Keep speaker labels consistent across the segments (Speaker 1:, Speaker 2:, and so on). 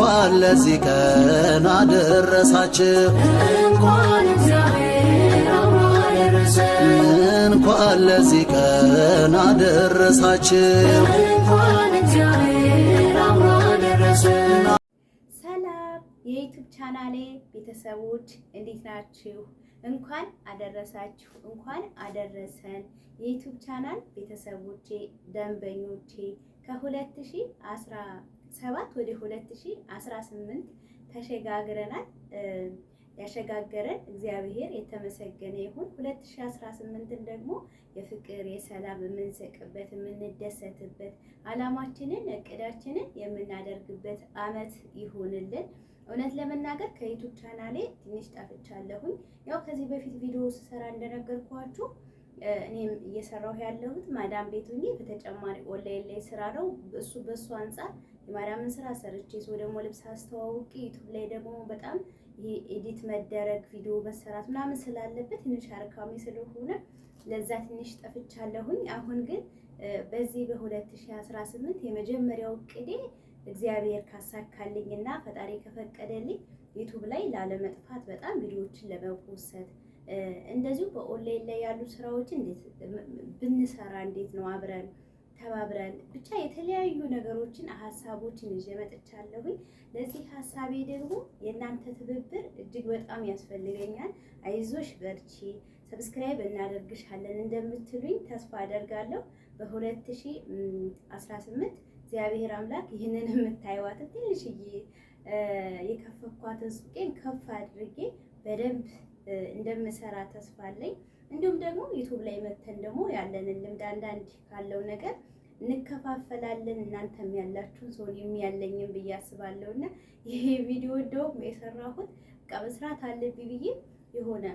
Speaker 1: እንኳን ለዚህ ቀን አደረሳችሁ።
Speaker 2: እንኳን
Speaker 1: ለዚህ ቀን አደረሳችሁ።
Speaker 3: ሰላም የዩቱብ ቻናሌ ቤተሰቦች እንዴት ናችሁ? እንኳን አደረሳችሁ፣ እንኳን አደረሰን። የዩቱብ ቻናል ቤተሰቦቼ፣ ደንበኞቼ ከሁለት ሺህ አስራ ሰባት ወደ ሁለት ሺ አስራ ስምንት ተሸጋግረናል። ያሸጋገረን እግዚአብሔር የተመሰገነ ይሁን። ሁለት ሺ አስራ ስምንትን ደግሞ የፍቅር የሰላም የምንሰቅበት የምንደሰትበት አላማችንን እቅዳችንን የምናደርግበት አመት ይሁንልን። እውነት ለመናገር ከዩቱብ ቻናሌ ትንሽ ጠፍቻለሁኝ። ያው ከዚህ በፊት ቪዲዮ ስሰራ እንደነገርኳችሁ እኔም እየሰራሁ ያለሁት ማዳም ቤት ሆኜ በተጨማሪ ኦንላይን ላይ ስራ ነው። እሱ በእሱ አንጻር የማዳምን ስራ ሰርቼ ሰው ደግሞ ልብስ አስተዋውቂ ዩቱብ ላይ ደግሞ በጣም ኤዲት መደረግ ቪዲዮ መሰራት ምናምን ስላለበት ትንሽ አርካሚ ስለሆነ ለዛ ትንሽ ጠፍቻለሁኝ። አሁን ግን በዚህ በ2018 የመጀመሪያው ቅዴ እግዚአብሔር ካሳካልኝ እና ፈጣሪ ከፈቀደልኝ ዩቱብ ላይ ላለመጥፋት በጣም ቪዲዮዎችን ለመፖሰት እንደዚሁ በኦንላይን ላይ ያሉ ስራዎችን ብንሰራ እንዴት ነው አብረን ተባብረን ብቻ የተለያዩ ነገሮችን ሀሳቦችን ይዤ መጥቻለሁኝ። ለዚህ ሀሳቤ ደግሞ የእናንተ ትብብር እጅግ በጣም ያስፈልገኛል። አይዞሽ በርቺ፣ ሰብስክራይብ እናደርግሻለን እንደምትሉኝ ተስፋ አደርጋለሁ። በ2018 እግዚአብሔር አምላክ ይህንን የምታይዋትን ትንሽዬ የከፈኳትን ሱቄን ከፍ አድርጌ በደንብ እንደምሰራ ተስፋ አለኝ። እንዲሁም ደግሞ ዩቱብ ላይ መተን ደግሞ ያለንን ልምድ አንዳንድ ካለው ነገር እንከፋፈላለን እናንተም ያላችሁን ሰውም ያለኝም ብዬ አስባለሁ እና ይሄ ቪዲዮ እንደውም የሰራሁት በቃ መስራት አለብኝ ብዬ የሆነ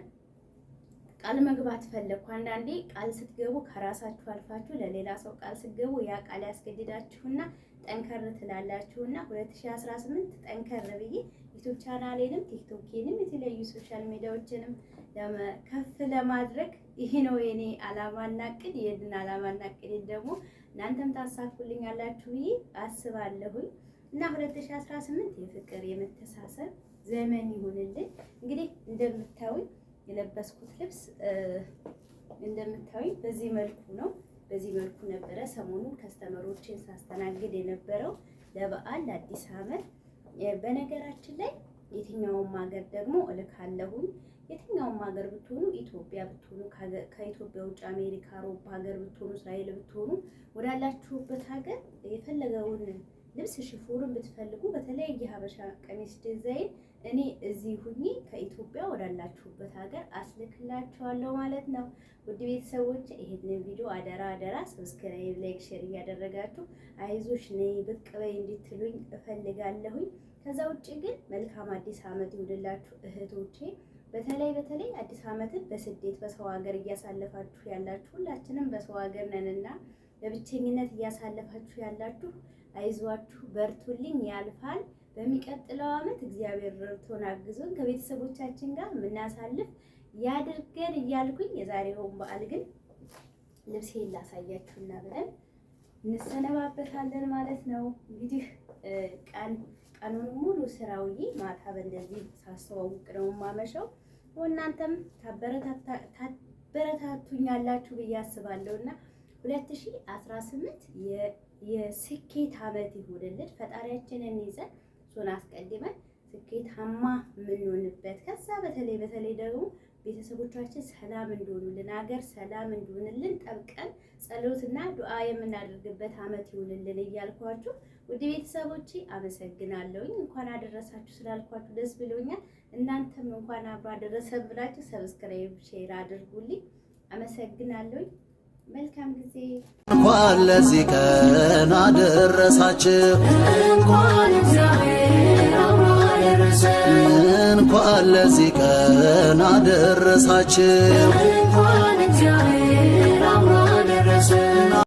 Speaker 3: ቃል መግባት ፈለግኩ። አንዳንዴ ቃል ስትገቡ ከራሳችሁ አልፋችሁ ለሌላ ሰው ቃል ስትገቡ ያ ቃል ያስገድዳችሁና ጠንከር ትላላችሁና 2018 ጠንከር ብዬ ዩቱብ ቻናሌንም ቲክቶኬንም የተለያዩ ሶሻል ሚዲያዎችንም ከፍ ለማድረግ ይህ ነው የኔ አላማና ቅድ ይህንን አላማና እቅድ ደግሞ እናንተም ታሳኩልኝ አላችሁ ብዬ አስባለሁኝ እና 2018 የፍቅር የመተሳሰብ ዘመን ይሁንልን። እንግዲህ እንደምታዩኝ የለበስኩት ልብስ እንደምታዩኝ በዚህ መልኩ ነው። በዚህ መልኩ ነበረ ሰሞኑን ከስተመሮችን ሳስተናግድ የነበረው ለበዓል ለአዲስ ዓመት። በነገራችን ላይ የትኛውም ሀገር ደግሞ እልካለሁኝ። የትኛውም ሀገር ብትሆኑ ኢትዮጵያ ብትሆኑ፣ ከኢትዮጵያ ውጭ አሜሪካ፣ አውሮፓ ሀገር ብትሆኑ፣ እስራኤል ብትሆኑ ወዳላችሁበት ሀገር የፈለገውን ልብስ ሽፎኑን ብትፈልጉ በተለይ የሀበሻ ቀሚስ ዲዛይን እኔ እዚህ ሁኜ ከኢትዮጵያ ወዳላችሁበት ሀገር አስልክላችኋለሁ ማለት ነው። ውድ ቤተሰቦች ይሄንን ቪዲዮ አደራ አደራ ሰብስክራይብ፣ ላይክ፣ ሼር እያደረጋችሁ አይዞሽ ነይ ብቅ በይ እንድትሉኝ እፈልጋለሁኝ። ከዛ ውጭ ግን መልካም አዲስ ዓመት ይሁንላችሁ እህቶቼ። በተለይ በተለይ አዲስ ዓመትን በስደት በሰው ሀገር እያሳለፋችሁ ያላችሁ ሁላችንም በሰው ሀገር ነንና በብቸኝነት እያሳለፋችሁ ያላችሁ አይዟችሁ በርቱልኝ፣ ያልፋል። በሚቀጥለው አመት እግዚአብሔር ረድቶን አግዞን ከቤተሰቦቻችን ጋር የምናሳልፍ ያድርገን እያልኩኝ የዛሬውን በዓል ግን ልብሴን ላሳያችሁና ብለን እንሰነባበታለን ማለት ነው። እንግዲህ ቀን ቀኑን ሙሉ ስራውዬ ማታ በእንደዚህ ሳስተዋውቅ ነው የማመሸው። እናንተም ታበረታቱኛላችሁ ብዬ አስባለሁ እና 2018 የስኬት አመት ይሁንልን። ፈጣሪያችንን ይዘን እሱን አስቀድመን ስኬታማ የምንሆንበት ከዛ በተለይ በተለይ ደግሞ ቤተሰቦቻችን ሰላም እንዲሆኑልን አገር ሰላም እንዲሆንልን ጠብቀን ጸሎትና ዱዓ የምናደርግበት አመት ይሁንልን እያልኳችሁ ውድ ቤተሰቦች አመሰግናለሁኝ። እንኳን አደረሳችሁ ስላልኳችሁ ደስ ብሎኛል። እናንተም እንኳን አብሮ አደረሰ ብላችሁ ሰብስክራይብ፣ ሼር አድርጉልኝ። አመሰግናለሁኝ። መልካም ጊዜ።
Speaker 1: እንኳን ለዚህ ቀን አደረሳችሁ።
Speaker 2: እንኳን
Speaker 1: ለዚህ ቀን አደረሳችሁ።